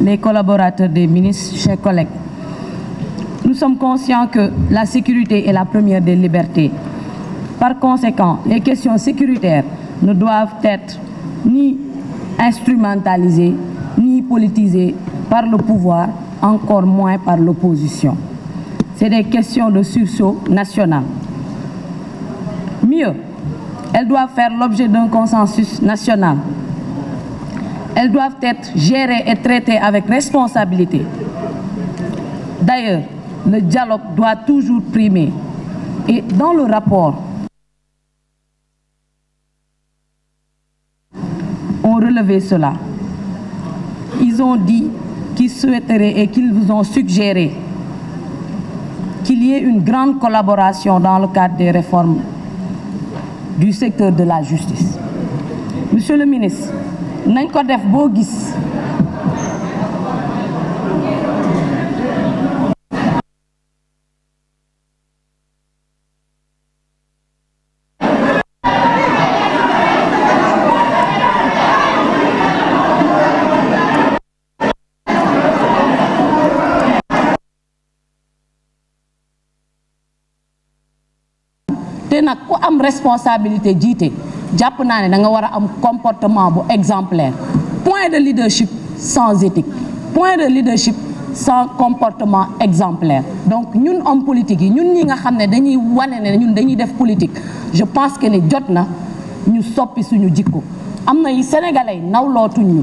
les collaborateurs des ministres, chers collègues. Nous sommes conscients que la sécurité est la première des libertés. Par conséquent, les questions sécuritaires ne doivent être ni instrumentalisées, ni politisées par le pouvoir, encore moins par l'opposition. C'est des questions de sursaut national. Mieux, elles doivent faire l'objet d'un consensus national Elles doivent être gérées et traitées avec responsabilité. D'ailleurs, le dialogue doit toujours primer. Et dans le rapport, ont relevé cela. Ils ont dit qu'ils souhaiteraient et qu'ils vous ont suggéré qu'il y ait une grande collaboration dans le cadre des réformes du secteur de la justice. Monsieur le ministre, nañ ko def boo gis te nag ku am responsabilité jiite jàpp naa ne da nga war a am comportement bu exemplaire point de leadership sans éthique point de leadership sans comportement exemplaire donc ñun homme politique yi ñun ñi nga xam ne dañuy wane ne ñun dañuy def politique je pense que ne jot na ñu soppi suñu jikko am na yi sénégalais yi nawlootuñ ñu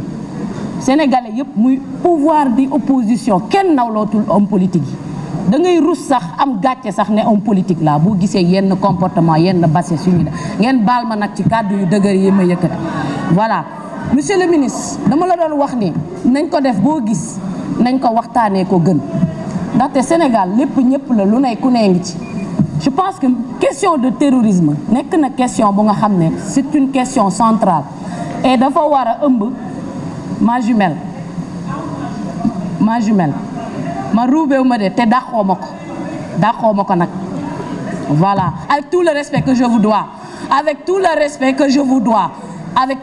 sénégalais yëpp muy pouvoir di opposition kenn nawlootul homme politique yi da ngay rus sax am gàcce sax ne homme politique la boo gisee yenn comportement yenn basse suñu ne ngeen baal ma nag ci kàddu yu dëgër yi ma yëkkati voilà monsieur le ministre dama la doon wax ni nañ ko def boo gis nañ ko waxtaanee ko gën ndaxte Sénégal lépp ñëpp la lu ne ku nee ci je pense que question de terrorisme nekk na question bu nga xam ne c'est une question centrale et dafa war a ëmb ma jumelle ma jumelle man ruubeewu ma de te dàqoo ma ko dàqoo ma ko nag voilà avec tout le respect que je vous dois avec tout le respect que je vous dois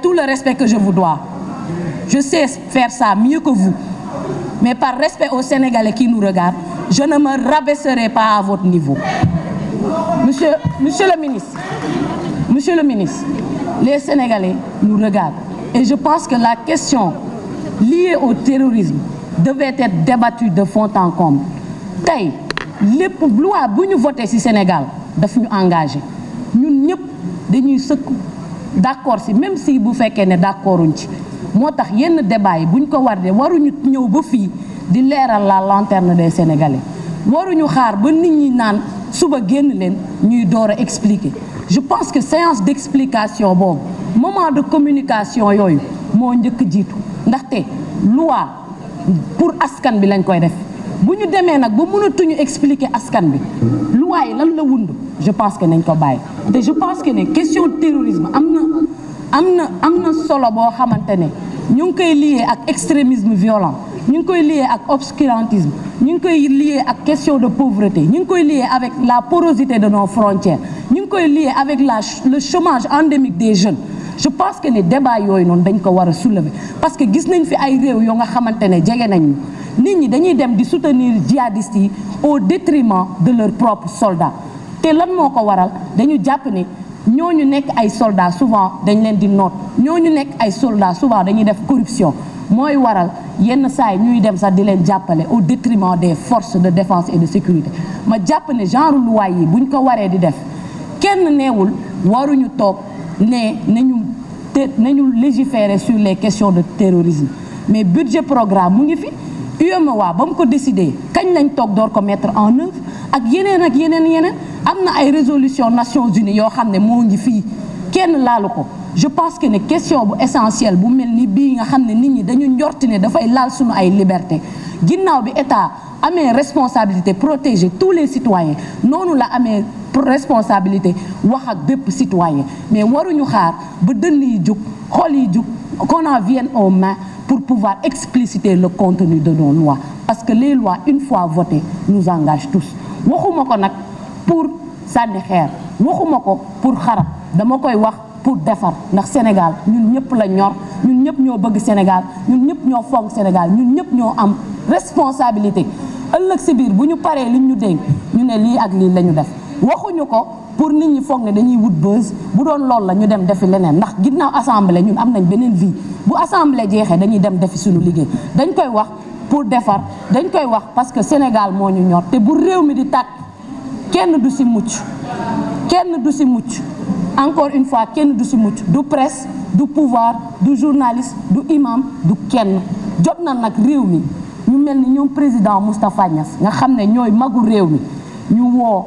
tout le respect que je vous je sais faire ça mieux que vous mais par respect au Sénégalais qui nous regardent je ne me rabaisserai pas à votre niveau monsieur monsieur le ministre monsieur le ministre les Sénégalais nous regardent et je pense que la question liées au terrorisme devait être débattu de fond en comble tey lépp loi bu ñu voté ci Sénégal daf ñu engagé ñun ñëpp dañuy sëkk d'accord ci même si bu fekkee ne d'accorduñ ci moo tax yenn débat yi bu ñu ko war de waruñu ñëw ba fii di leeral la lanterne des Sénégalais waruñu xaar ba nit ñi naan suba génn leen ñuy door a expliquer je pense que séance d'explication boobu moment de communication yooyu moo njëkk jiitu ndaxte loi pour askan bi lañ koy def bu ñu demee nag ba mënatuñu expliquer askan bi loi yi lan la wund je pense que nañ ko bàyyi te je pense que ne question terrorisme am na am na am na solo boo xamante ne ñu ngi koy lié ak extrémisme violent ñu ngi koy lié ak obscurantisme ñu ngi koy lié ak question de pauvreté ñu ngi koy lié avec la porosité de nos frontières ñu ngi koy lié avec la le chômage endémique des jeunes je pense que ni débat yooyu noonu dañ ko war a soulever parce que gis nañ fi ay réew yoo nga xamante ne jege nañu nit ñi dañuy dem di soutenir djihadistes yi au détriment de leur propres soldats te lan moo ko waral dañu jàpp ne ñu nekk ay soldats souvent dañ leen di noot ñu nekk ay soldats souvent dañuy def corruption mooy waral yenn saa yi ñuy dem sax di leen jàppale au détriment des force de défense et de sécurité ma jàpp ne genre luwaay yi buñ ko waree di def kenn neewul waruñu toog ne nañu te nañu légiférer sur les questions de terrorisme mais budget programme mu ngi fi UEMOA ba mu ko décider kañ lañ toog door ko mettre en œuvre ak yeneen ak yeneen yeneen am na ay résolution Nations Unies yoo xam ne moo ngi fi kenn laalu ko je pense que ne question bu essentielle bu mel ni bii nga xam ne nit ñi dañu njorti ne dafay laal suñu ay liberté ginnaaw bi état amee responsabilité protéger tous les citoyens noonu la amee pour responsabilité wax ak bépp citoyen mais waruñu xaar ba dënn yi jug xool yi jug qu'on en vienne aux pour pouvoir explicité le contenu de nos lois parce que les lois une fois votées nous engagent tous waxuma ko nag pour sànni xeer waxuma ko pour xarab dama koy wax pour defar ndax Sénégal ñun ñëpp la ñor ñun ñëpp ñoo bëgg Sénégal ñun ñëpp ñoo fonk Sénégal ñun ñëpp ñoo am responsabilité ëllëg si biir bu ñu paree li ñu dénk ñu ne lii ak lii la ñu def waxuñu ko pour nit ñi foog ne dañuy wut buzz bu doon loolu la ñu dem defi leneen ndax ginnaaw assemblée ñun am nañ beneen vie bu assemblée jeexee dañuy dem defi suñu liggéey dañ koy wax pour defar dañ koy wax parce que Sénégal moo ñu ñor te bu réew mi di tat kenn du si mucc kenn du si mucc encore une fois kenn du si mucc du presse du pouvoir du journaliste du imam du kenn jot na nag réew mi ñu mel ni ñoom président Moustapha Niass nga xam ne ñooy magu réew mi ñu woo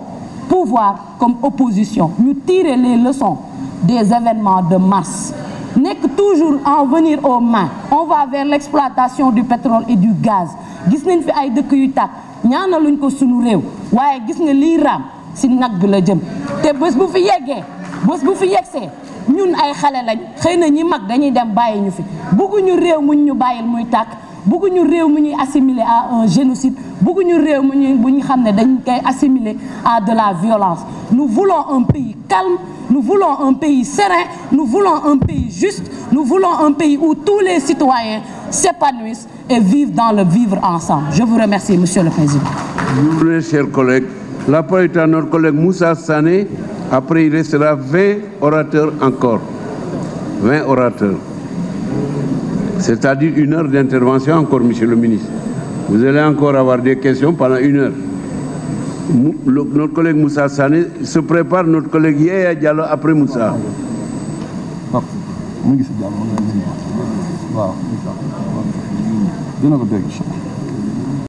pouvoir comme opposition ñu tirer le leçons des événements de mars nekk toujours en venir aux mains on va vers l'exploitation du pétrole et du gaz gis nañ fi ay dëkk yu tàkk ñaanaluñ ko suñu réew waaye gis nga lii raam si nag bi la jëm te bés bu fi yeggee bés bu fi yegsee ñun ay xale lañ xëy na ñi mag dañuy dem bàyyi ñu fi bugguñu réew muñ ñu bàyyil muy tàkk bëgguñu réew mu ñuy assimiler à un génocide bëgguñu réew mu ñuy bu ñu xam ne dañ koy assimiler à de la violence nous voulons un pays calme nous voulons un pays serein nous voulons un pays juste nous voulons un pays où tous les citoyens s'épanouissent et vivent dans le vivre ensemble je vous remercie monsieur le président mes chers collègues la parole est à notre collègue Moussa Sané après il restera 20 orateurs encore 20 orateurs c'est-à-dire une heure d'intervention encore, monsieur le ministre. Vous allez encore avoir des questions pendant une heure. notre collègue Moussa Sané se prépare, notre collègue Yaya Diallo après Moussa. waaw